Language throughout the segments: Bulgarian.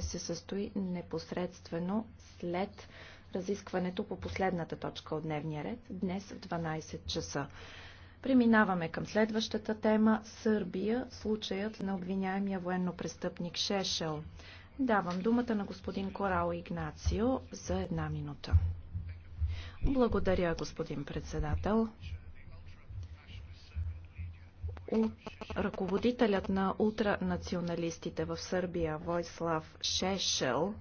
ще се състои непосредствено след разискването по последната точка от дневния ред, днес в 12 часа. Преминаваме към следващата тема – Сърбия, случаят на обвиняемия военно-престъпник Шешел. Давам думата на господин Корал Игнацио за една минута. Благодаря, господин председател ръководителят на ултранационалистите в Сърбия Войслав Шешел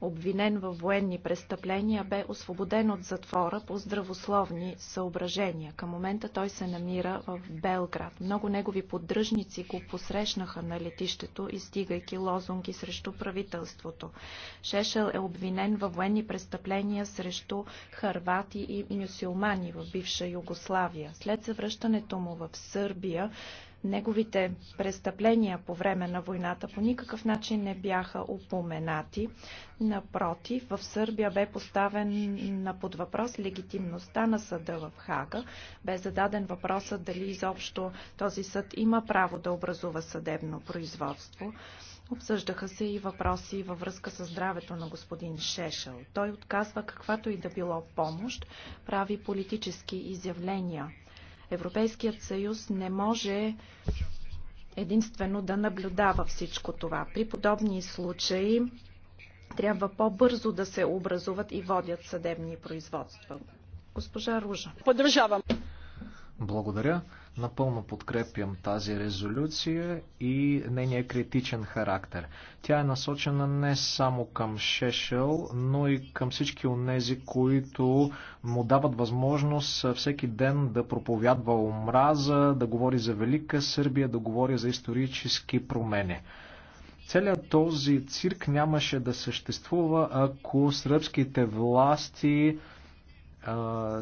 обвинен във военни престъпления, бе освободен от затвора по здравословни съображения. Към момента той се намира в Белград. Много негови поддръжници го посрещнаха на летището, изтигайки лозунги срещу правителството. Шешел е обвинен във военни престъпления срещу харвати и мюсюлмани в бивша Югославия. След завръщането му в Сърбия, Неговите престъпления по време на войната по никакъв начин не бяха упоменати. Напротив, в Сърбия бе поставен на под въпрос легитимността на съда в Хага. Бе зададен въпросът дали изобщо този съд има право да образува съдебно производство. Обсъждаха се и въпроси във връзка с здравето на господин Шешел. Той отказва каквато и да било помощ, прави политически изявления. Европейският съюз не може единствено да наблюдава всичко това. При подобни случаи трябва по-бързо да се образуват и водят съдебни производства. Госпожа Ружа. Поддържавам. Благодаря. Напълно подкрепям тази резолюция и нейния критичен характер. Тя е насочена не само към Шешел, но и към всички онези, които му дават възможност всеки ден да проповядва омраза, да говори за Велика Сърбия, да говори за исторически промени. Целият този цирк нямаше да съществува, ако сръбските власти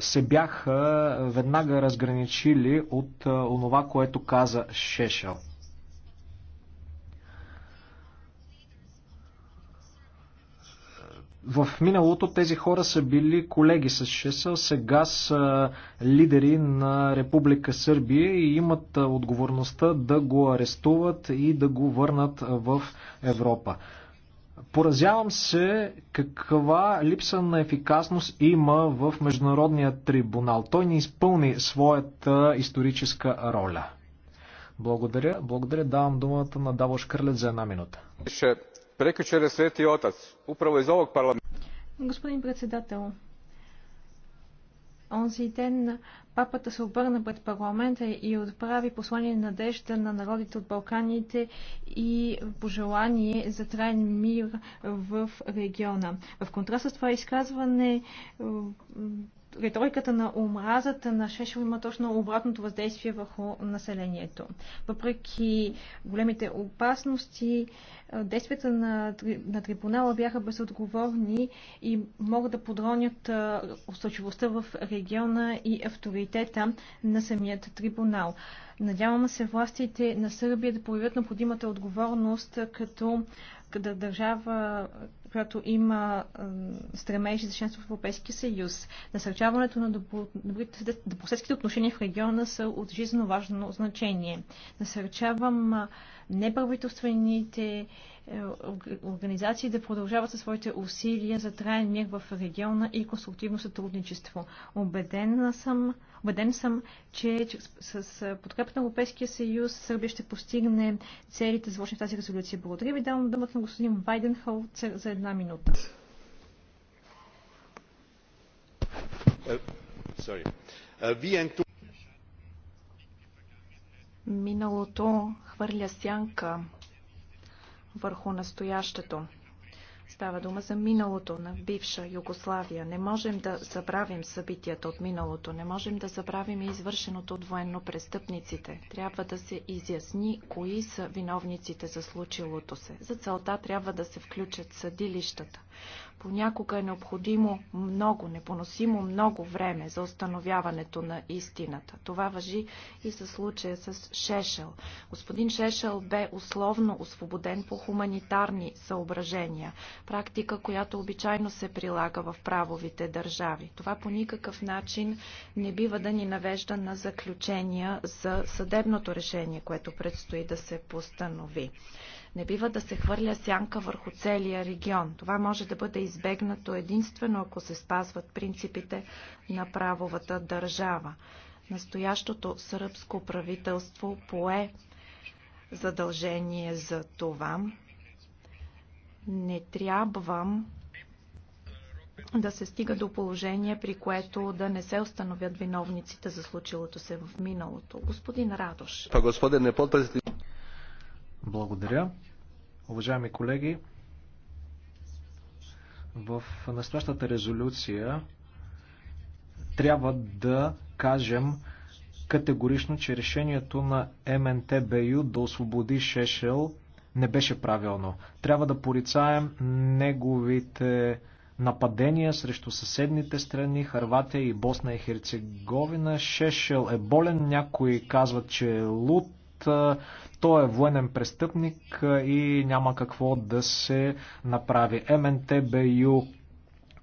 се бяха веднага разграничили от онова, което каза Шешел. В миналото тези хора са били колеги с Шесел, сега са лидери на Република Сърбия и имат отговорността да го арестуват и да го върнат в Европа. Поразявам се каква липса на ефикасност има в Международния трибунал. Той не изпълни своята историческа роля. Благодаря. Благодаря. Давам думата на Давош Кърлет за една минута. Прекачере Свети Отец, управо из овог парламента. Господин председател, онзи ден папата се обърна пред парламента и отправи послание надежда на народите от Балканите и пожелание за траен мир в региона. В контраст с това изказване риториката на омразата на Шешел има точно обратното въздействие върху населението. Въпреки големите опасности, е, действията на, на трибунала бяха безотговорни и могат да подронят е, устойчивостта в региона и авторитета на самият трибунал. Надяваме се властите на Сърбия да появят необходимата отговорност, като е, къде държава, която има стремежи за членство в Европейския съюз. Насърчаването на добрите добросъседските отношения в региона са от жизненно важно значение. Насърчавам неправителствените е, организации да продължават със своите усилия за траен мир в региона и конструктивно сътрудничество. Обеден съм, убеден съм, че с подкрепа на Европейския съюз Сърбия ще постигне целите, заложени в тази резолюция. Благодаря ви. Давам думата на господин Вайденхолцер за една минута. Е, е, Миналото хвърля сянка върху настоящето. Става дума за миналото на бивша Югославия. Не можем да забравим събитията от миналото. Не можем да забравим и извършеното от военно престъпниците. Трябва да се изясни кои са виновниците за случилото се. За целта трябва да се включат съдилищата. Понякога е необходимо много, непоносимо много време за установяването на истината. Това въжи и за случая с Шешел. Господин Шешел бе условно освободен по хуманитарни съображения практика, която обичайно се прилага в правовите държави. Това по никакъв начин не бива да ни навежда на заключения за съдебното решение, което предстои да се постанови. Не бива да се хвърля сянка върху целия регион. Това може да бъде избегнато единствено, ако се спазват принципите на правовата държава. Настоящото сръбско правителство пое задължение за това. Не трябва да се стига до положение, при което да не се установят виновниците за случилото се в миналото. Господин Радош. Благодаря. Уважаеми колеги, в настоящата резолюция трябва да кажем категорично, че решението на МНТБЮ да освободи Шешел не беше правилно. Трябва да порицаем неговите нападения срещу съседните страни, Харватия и Босна и Херцеговина. Шешел е болен, някои казват, че е луд, той е военен престъпник и няма какво да се направи. МНТБЮ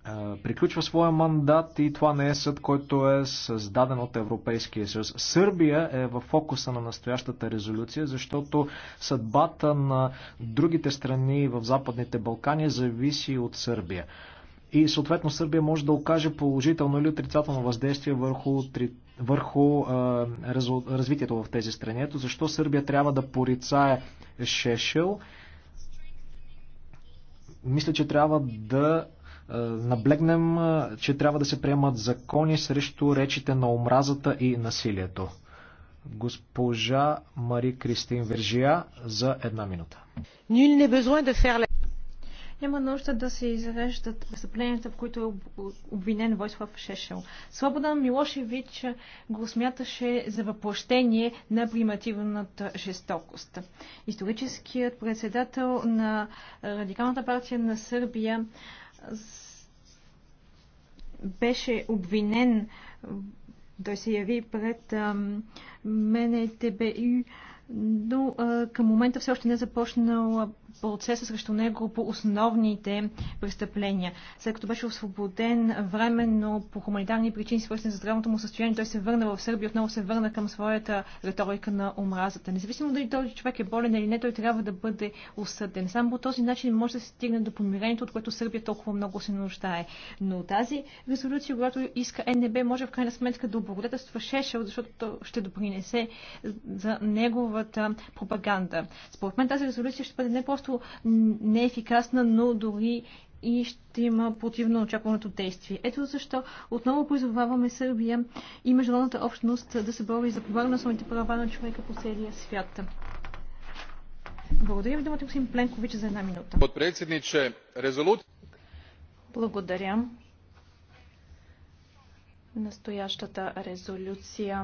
е, приключва своя мандат и това не е съд, който е създаден от Европейския съюз. Сърбия е в фокуса на настоящата резолюция, защото съдбата на другите страни в Западните Балкани зависи от Сърбия. И съответно Сърбия може да окаже положително или отрицателно въздействие върху, върху е, развитието в тези страни. Ето защо Сърбия трябва да порицае Шешел. Мисля, че трябва да е, наблегнем, е, че трябва да се приемат закони срещу речите на омразата и насилието. Госпожа Мари Кристин Вержия за една минута. Няма нужда да се изреждат престъпленията, в които е обвинен Войслав Шешел. Слободан Милошевич го смяташе за въплъщение на примативната жестокост. Историческият председател на Радикалната партия на Сърбия беше обвинен. Той се яви пред МНТБЮ, но към момента все още не е започнал процеса срещу него по основните престъпления. След като беше освободен временно по хуманитарни причини, свързани с здравното му състояние, той се върна в Сърбия, отново се върна към своята риторика на омразата. Независимо дали този човек е болен или не, той трябва да бъде осъден. Само по този начин може да се стигне до помирението, от което Сърбия толкова много се нуждае. Но тази резолюция, която иска НДБ, може в крайна сметка да облагодетелства Шешел, защото ще допринесе за неговата пропаганда. Според мен тази резолюция ще бъде не просто просто не е ефикасна, но дори и ще има противно очакваното действие. Ето защо отново призоваваме Сърбия и международната общност да се бори за прилага на основните права на човека по целия свят. Благодаря ви, думата господин Пленкович, за една минута. Подпредседниче, резолут... Благодаря. Настоящата резолюция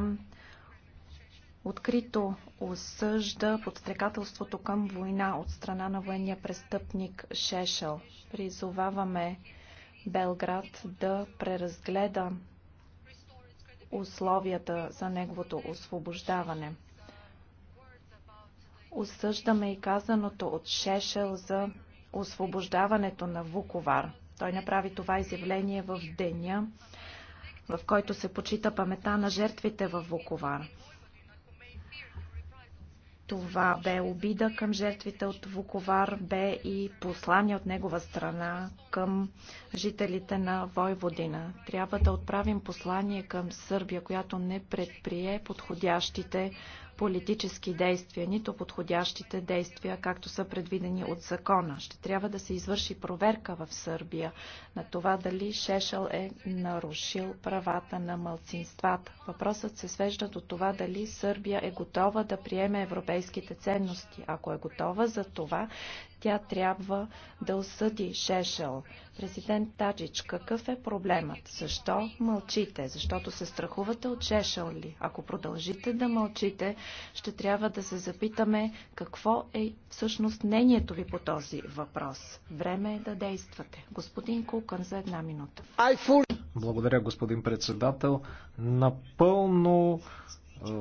открито осъжда подстрекателството към война от страна на военния престъпник Шешел. Призоваваме Белград да преразгледа условията за неговото освобождаване. Осъждаме и казаното от Шешел за освобождаването на Вуковар. Той направи това изявление в деня, в който се почита памета на жертвите в Вуковар. Това бе обида към жертвите от Вуковар, бе и послание от негова страна към жителите на Войводина. Трябва да отправим послание към Сърбия, която не предприе подходящите политически действия, нито подходящите действия, както са предвидени от закона. Ще трябва да се извърши проверка в Сърбия на това дали Шешел е нарушил правата на мълцинствата. Въпросът се свежда до това дали Сърбия е готова да приеме европейските ценности. Ако е готова за това, тя трябва да осъди Шешел. Президент Таджич, какъв е проблемът? Защо мълчите? Защото се страхувате от Шешел ли? Ако продължите да мълчите, ще трябва да се запитаме какво е всъщност мнението ви по този въпрос. Време е да действате. Господин Кукън за една минута. Благодаря, господин председател. Напълно е,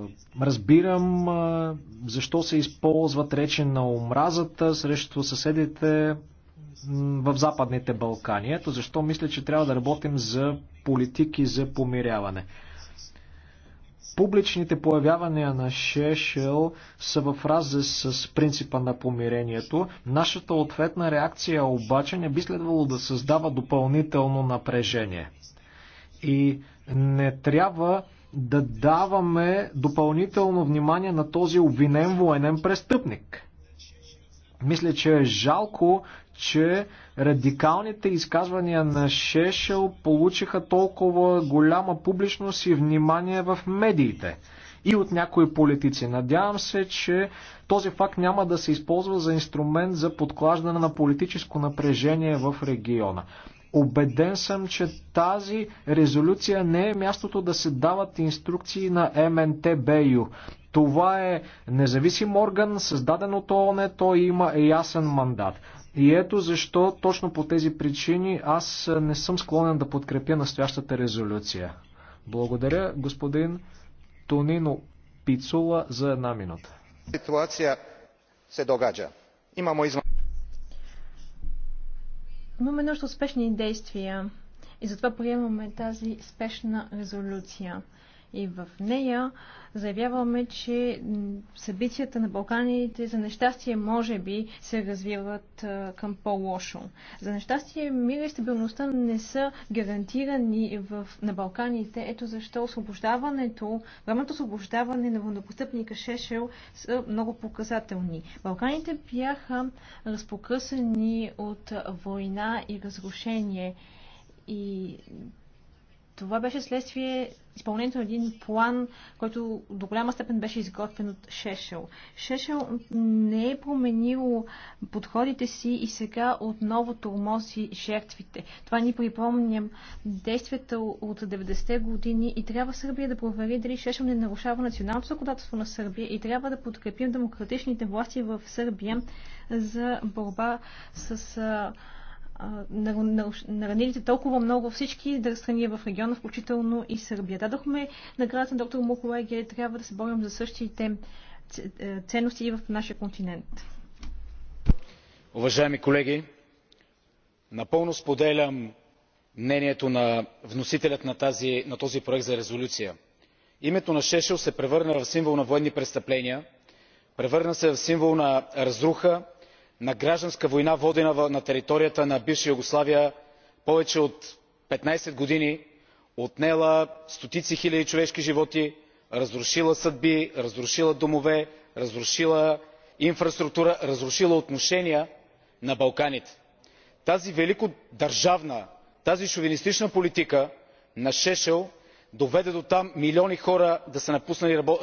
разбирам е, защо се използват речи на омразата срещу съседите в Западните Балкани. Ето защо мисля, че трябва да работим за политики за помиряване. Публичните появявания на Шешел са в разрез с принципа на помирението. Нашата ответна реакция обаче не би следвало да създава допълнително напрежение. И не трябва да даваме допълнително внимание на този обвинен военен престъпник. Мисля, че е жалко, че радикалните изказвания на Шешел получиха толкова голяма публичност и внимание в медиите и от някои политици. Надявам се, че този факт няма да се използва за инструмент за подклаждане на политическо напрежение в региона. Обеден съм, че тази резолюция не е мястото да се дават инструкции на МНТБЮ. Това е независим орган, създаден от ООН, той има ясен мандат. И ето защо точно по тези причини аз не съм склонен да подкрепя настоящата резолюция. Благодаря господин Тонино Пицула за една минута. Ситуация се догаджа. Имамо изма... Имаме нужда от спешни действия и затова приемаме тази спешна резолюция. И в нея заявяваме, че събитията на Балканите за нещастие може би се развиват към по-лошо. За нещастие мира и стабилността не са гарантирани в, на Балканите. Ето защо освобождаването, времето освобождаване на вънопостъпника Шешел са много показателни. Балканите бяха разпокъсани от война и разрушение. И това беше следствие изпълнението на един план, който до голяма степен беше изготвен от Шешел. Шешел не е променил подходите си и сега отново тормози жертвите. Това ни припомням действията от 90-те години и трябва Сърбия да провери дали Шешел не нарушава националното законодателство на Сърбия и трябва да подкрепим демократичните власти в Сърбия за борба с наранилите толкова много всички страни в региона, включително и Сърбия. Дадохме наградата на доктор Мухолайге, трябва да се борим за същите е, ценности и в нашия континент. Уважаеми колеги, напълно споделям мнението на вносителят на, тази, на този проект за резолюция. Името на Шешел се превърна в символ на военни престъпления, превърна се в символ на разруха, на гражданска война водена на територията на бивша югославия повече от петнадесет години отнела стотици хиляди човешки животи разрушила съдби разрушила домове разрушила инфраструктура разрушила отношения на балканите. тази великодържавна тази шовинистична политика на шешел доведе дотам милиони хора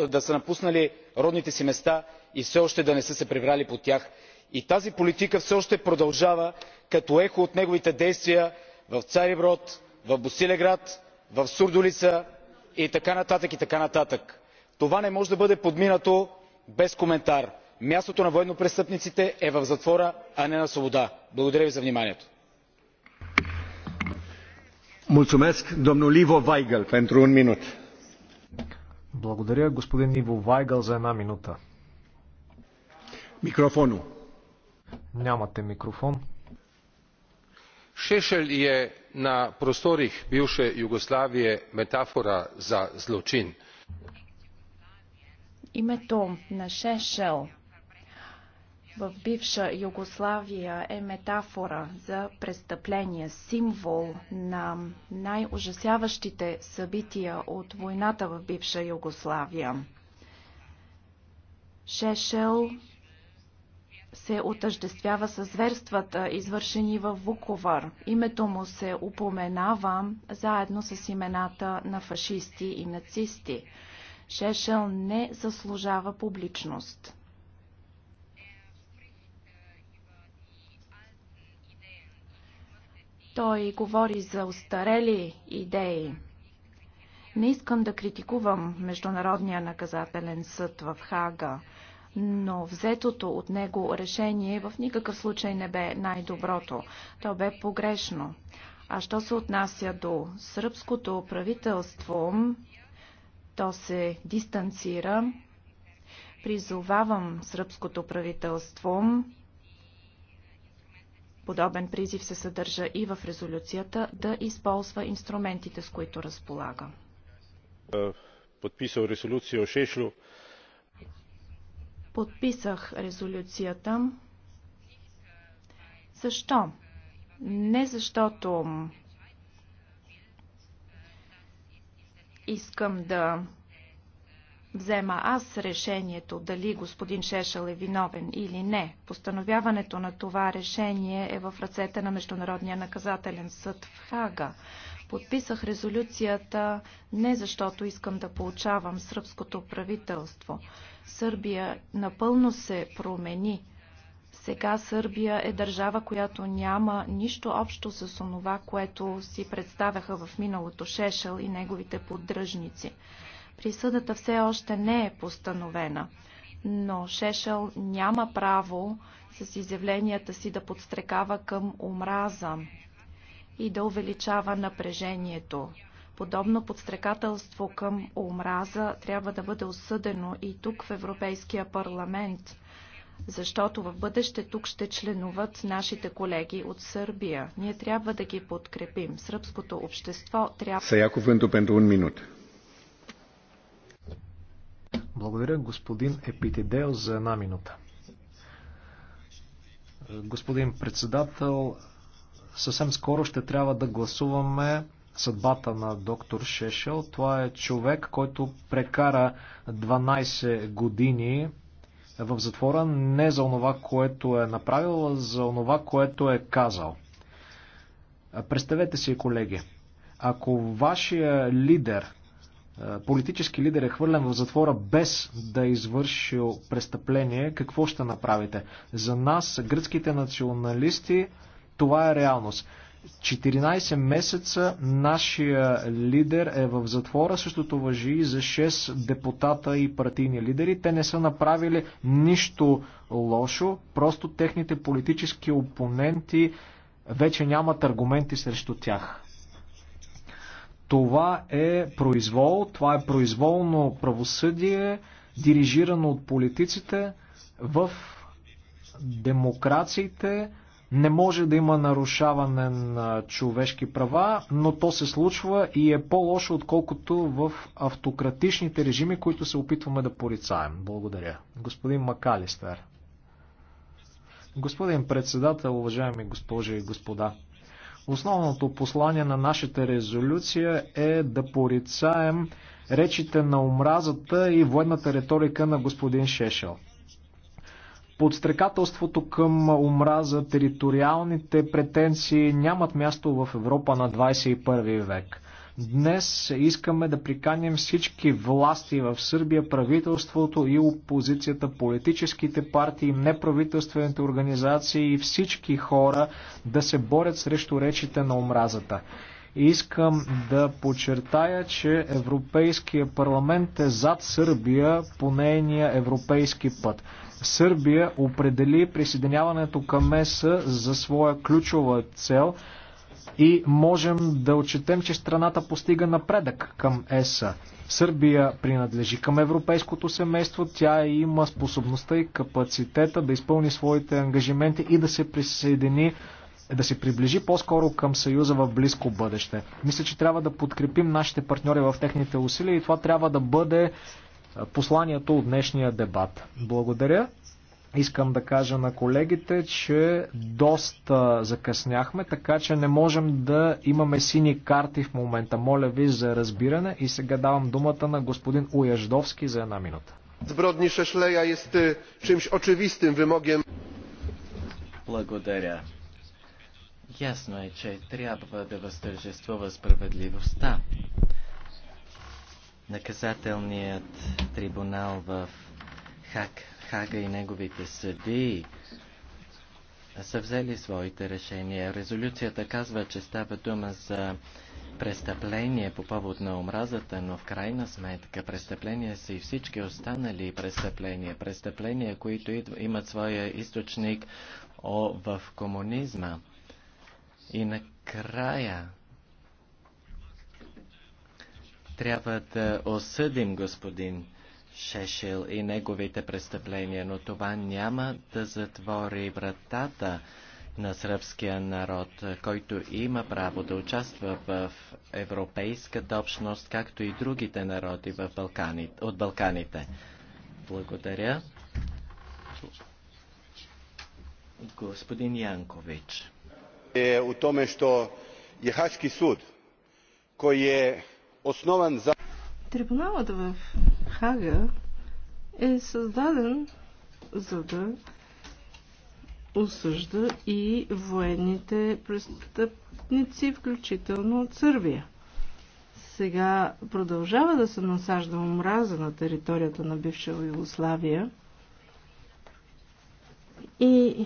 да са напуснали родните си места и все още да не са се прибрали по тях и тази политика все още продължава като ехо от неговите действия в цариброд в босилеград в сурдулица и така нататък и така нататък. това не може да бъде подминато без коментар. мястото на военнопрестъпниците е в затвора а не на свобода. благодаря ви за вниманието. Благодаря, господин Иво Вайгъл, за една минута. Нямате микрофон. Шешел е на просторих бивше Югославие метафора за злочин. Името на Шешел в бивша Югославия е метафора за престъпление, символ на най-ужасяващите събития от войната в бивша Югославия. Шешел се отъждествява с зверствата, извършени в Вуковър. Името му се упоменава заедно с имената на фашисти и нацисти. Шешел не заслужава публичност. Той говори за устарели идеи. Не искам да критикувам Международния наказателен съд в Хага но взетото от него решение в никакъв случай не бе най-доброто. То бе погрешно. А що се отнася до сръбското правителство, то се дистанцира. Призовавам сръбското правителство. Подобен призив се съдържа и в резолюцията да използва инструментите, с които разполага. Е, подписал резолюция о Шешлю Подписах резолюцията. Защо? Не защото искам да взема аз решението дали господин Шешел е виновен или не. Постановяването на това решение е в ръцете на Международния наказателен съд в Хага. Подписах резолюцията не защото искам да получавам сръбското правителство. Сърбия напълно се промени. Сега Сърбия е държава, която няма нищо общо с онова, което си представяха в миналото Шешел и неговите поддръжници. Присъдата все още не е постановена, но Шешел няма право с изявленията си да подстрекава към омраза и да увеличава напрежението. Подобно подстрекателство към омраза трябва да бъде осъдено и тук в Европейския парламент, защото в бъдеще тук ще членуват нашите колеги от Сърбия. Ние трябва да ги подкрепим. Сръбското общество трябва... да кuvântul pentru благодаря господин Епитидел за една минута. Господин председател, съвсем скоро ще трябва да гласуваме съдбата на доктор Шешел. Това е човек, който прекара 12 години в затвора не за онова, което е направил, а за онова, което е казал. Представете си, колеги, ако вашия лидер е, политически лидер е хвърлен в затвора без да е извършил престъпление, какво ще направите? За нас, гръцките националисти, това е реалност. 14 месеца нашия лидер е в затвора, същото въжи и за 6 депутата и партийни лидери. Те не са направили нищо лошо, просто техните политически опоненти вече нямат аргументи срещу тях. Това е произвол, това е произволно правосъдие, дирижирано от политиците. В демокрациите не може да има нарушаване на човешки права, но то се случва и е по-лошо, отколкото в автократичните режими, които се опитваме да порицаем. Благодаря. Господин Макалистер. Господин председател, уважаеми госпожи и господа. Основното послание на нашата резолюция е да порицаем речите на омразата и военната риторика на господин Шешел. Подстрекателството към омраза, териториалните претенции нямат място в Европа на 21 век. Днес искаме да приканим всички власти в Сърбия, правителството и опозицията, политическите партии, неправителствените организации и всички хора да се борят срещу речите на омразата. Искам да подчертая, че Европейския парламент е зад Сърбия по нейния европейски път. Сърбия определи присъединяването към МЕСА за своя ключова цел – и можем да отчетем, че страната постига напредък към ЕСА. Сърбия принадлежи към европейското семейство, тя има способността и капацитета да изпълни своите ангажименти и да се присъедини да се приближи по-скоро към Съюза в близко бъдеще. Мисля, че трябва да подкрепим нашите партньори в техните усилия и това трябва да бъде посланието от днешния дебат. Благодаря. Искам да кажа на колегите, че доста закъсняхме, така че не можем да имаме сини карти в момента. Моля ви за разбиране и сега давам думата на господин Уяждовски за една минута. Zbrodni Szeszleja jest czymś oczywistym wymogiem. Благодаря. Ясно е, че трябва да възтържествува справедливостта. Наказателният трибунал в Хак Хага и неговите съди са взели своите решения. Резолюцията казва, че става дума за престъпление по повод на омразата, но в крайна сметка престъпления са и всички останали престъпления. Престъпления, които имат своя източник в комунизма. И накрая трябва да осъдим господин Шешил и неговите престъпления, но това няма да затвори вратата на сръбския народ, който има право да участва в европейската общност, както и другите народи в Балкани, от Балканите. Благодаря. Господин Янкович. Е у томе, що е Хашки суд, кой е основан за... Трибуналът в Хага е създаден за да осъжда и военните престъпници, включително от Сърбия. Сега продължава да се насажда омраза на територията на бивша Югославия и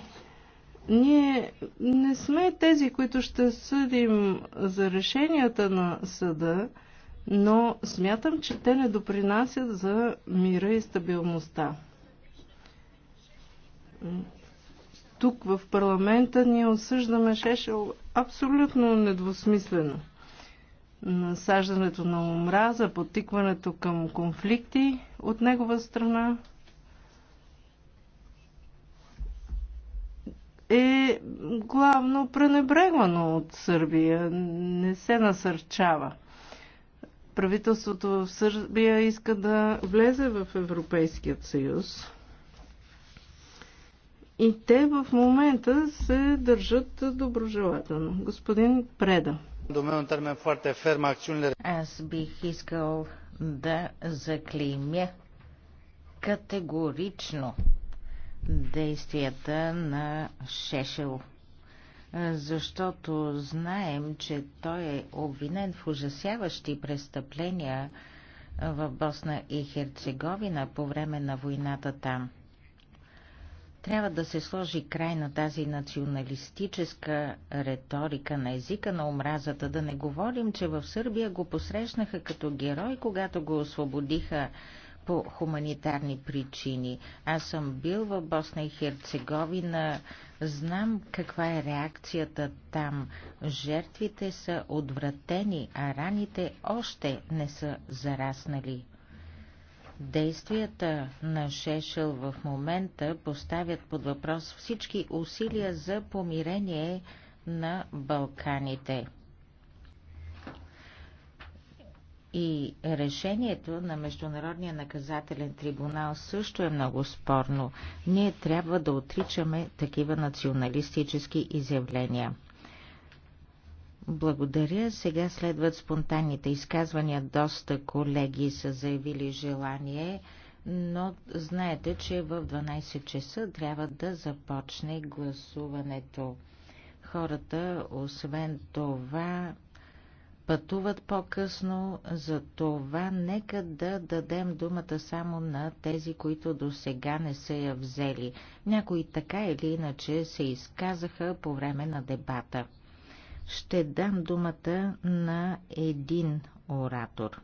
ние не сме тези, които ще съдим за решенията на съда, но смятам, че те не допринасят за мира и стабилността. Тук в парламента ние осъждаме Шешел абсолютно недвусмислено. Насаждането на омраза, потикването към конфликти от негова страна е главно пренебрегвано от Сърбия, не се насърчава правителството в Сърбия иска да влезе в Европейският съюз. И те в момента се държат доброжелателно. Господин Преда. Аз бих искал да заклеймя категорично действията на Шешел е, защото знаем, че той е обвинен в ужасяващи престъпления в Босна и Херцеговина по време на войната там. Трябва да се сложи край на тази националистическа риторика на езика на омразата, да не говорим, че в Сърбия го посрещнаха като герой, когато го освободиха по хуманитарни причини. Аз съм бил в Босна и Херцеговина, знам каква е реакцията там. Жертвите са отвратени, а раните още не са зараснали. Действията на Шешел в момента поставят под въпрос всички усилия за помирение на Балканите. И решението на Международния наказателен трибунал също е много спорно. Ние трябва да отричаме такива националистически изявления. Благодаря. Сега следват спонтанните изказвания. Доста колеги са заявили желание, но знаете, че в 12 часа трябва да започне гласуването. Хората, освен това, пътуват по-късно, за това нека да дадем думата само на тези, които до сега не са я взели. Някои така или иначе се изказаха по време на дебата. Ще дам думата на един оратор.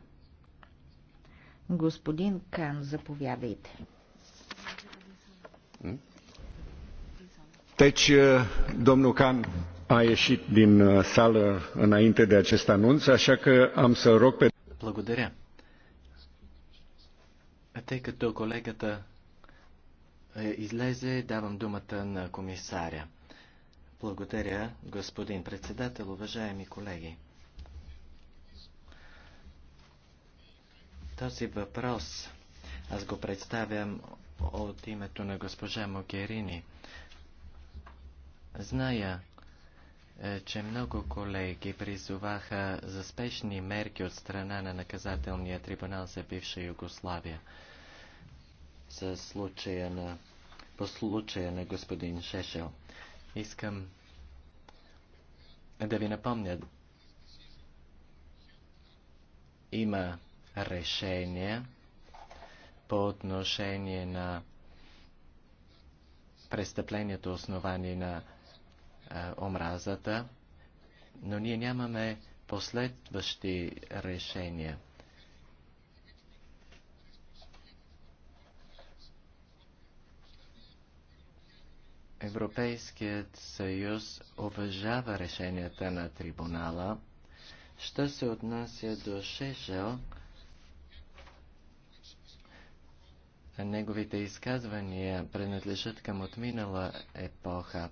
Господин Кан, заповядайте. Тече, домно Кан, a ieșit din uh, sală înainte de acest anunț, așa că am să rog pe... Благодаря. Тъй като колегата е, излезе, давам думата на комисаря. Благодаря, господин председател, уважаеми колеги. Този въпрос аз го представям от името на госпожа Могерини. Зная, е, че много колеги призоваха за спешни мерки от страна на наказателния трибунал за бивша Югославия за случая на, по случая на господин Шешел. Искам да ви напомня, има решение по отношение на престъплението основани на омразата, но ние нямаме последващи решения. Европейският съюз уважава решенията на трибунала. Що се отнася до Шешел, неговите изказвания принадлежат към отминала епоха.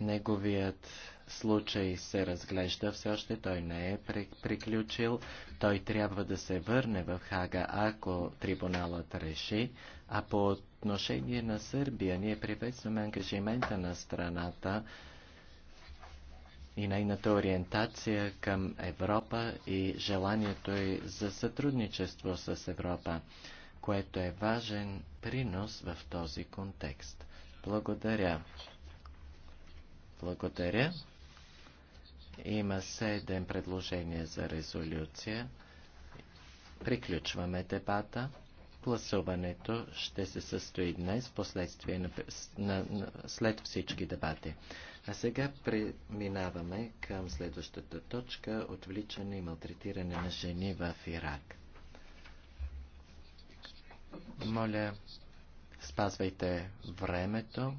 Неговият случай се разглежда все още, той не е приключил, той трябва да се върне в Хага, ако трибуналът реши, а по отношение на Сърбия ние приветстваме ангажимента на страната и нейната ориентация към Европа и желанието й за сътрудничество с Европа, което е важен принос в този контекст. Благодаря. Благодаря. Има седем предложения за резолюция. Приключваме дебата. Гласуването ще се състои днес, последствие на, на, на, след всички дебати. А сега преминаваме към следващата точка отвличане и малтретиране на жени в Ирак. Моля, спазвайте времето.